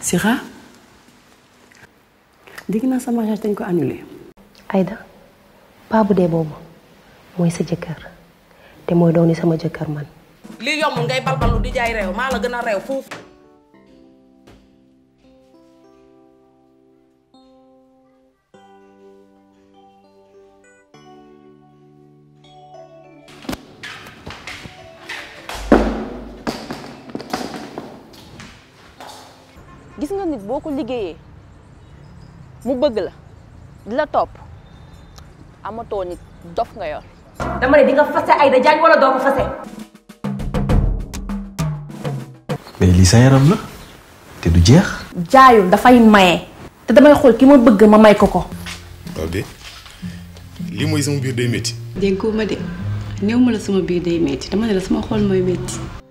Sira dégg naa sa mariage tañ ko annulé. ayda paa bu boobu mooy sa jëkkër te mooy dooni sama jëkkër man. li yomb ngay balbalu di jaay réew maa la gën a réew foofu. gis nga nit boo ko liggéeyee mu bëgg la di la topp amatoo nit dof nga yor. dama ne di nga fase Aïda Diagne wala doo ko fase. lii te du jeex. jaayul dafay maye te damay xool ki ma bëgg ma may ko ko. ok lii mooy sama biir day métti. dénkoo ma de néew ma la sama biir day métti dama ne la sama xol mooy métti.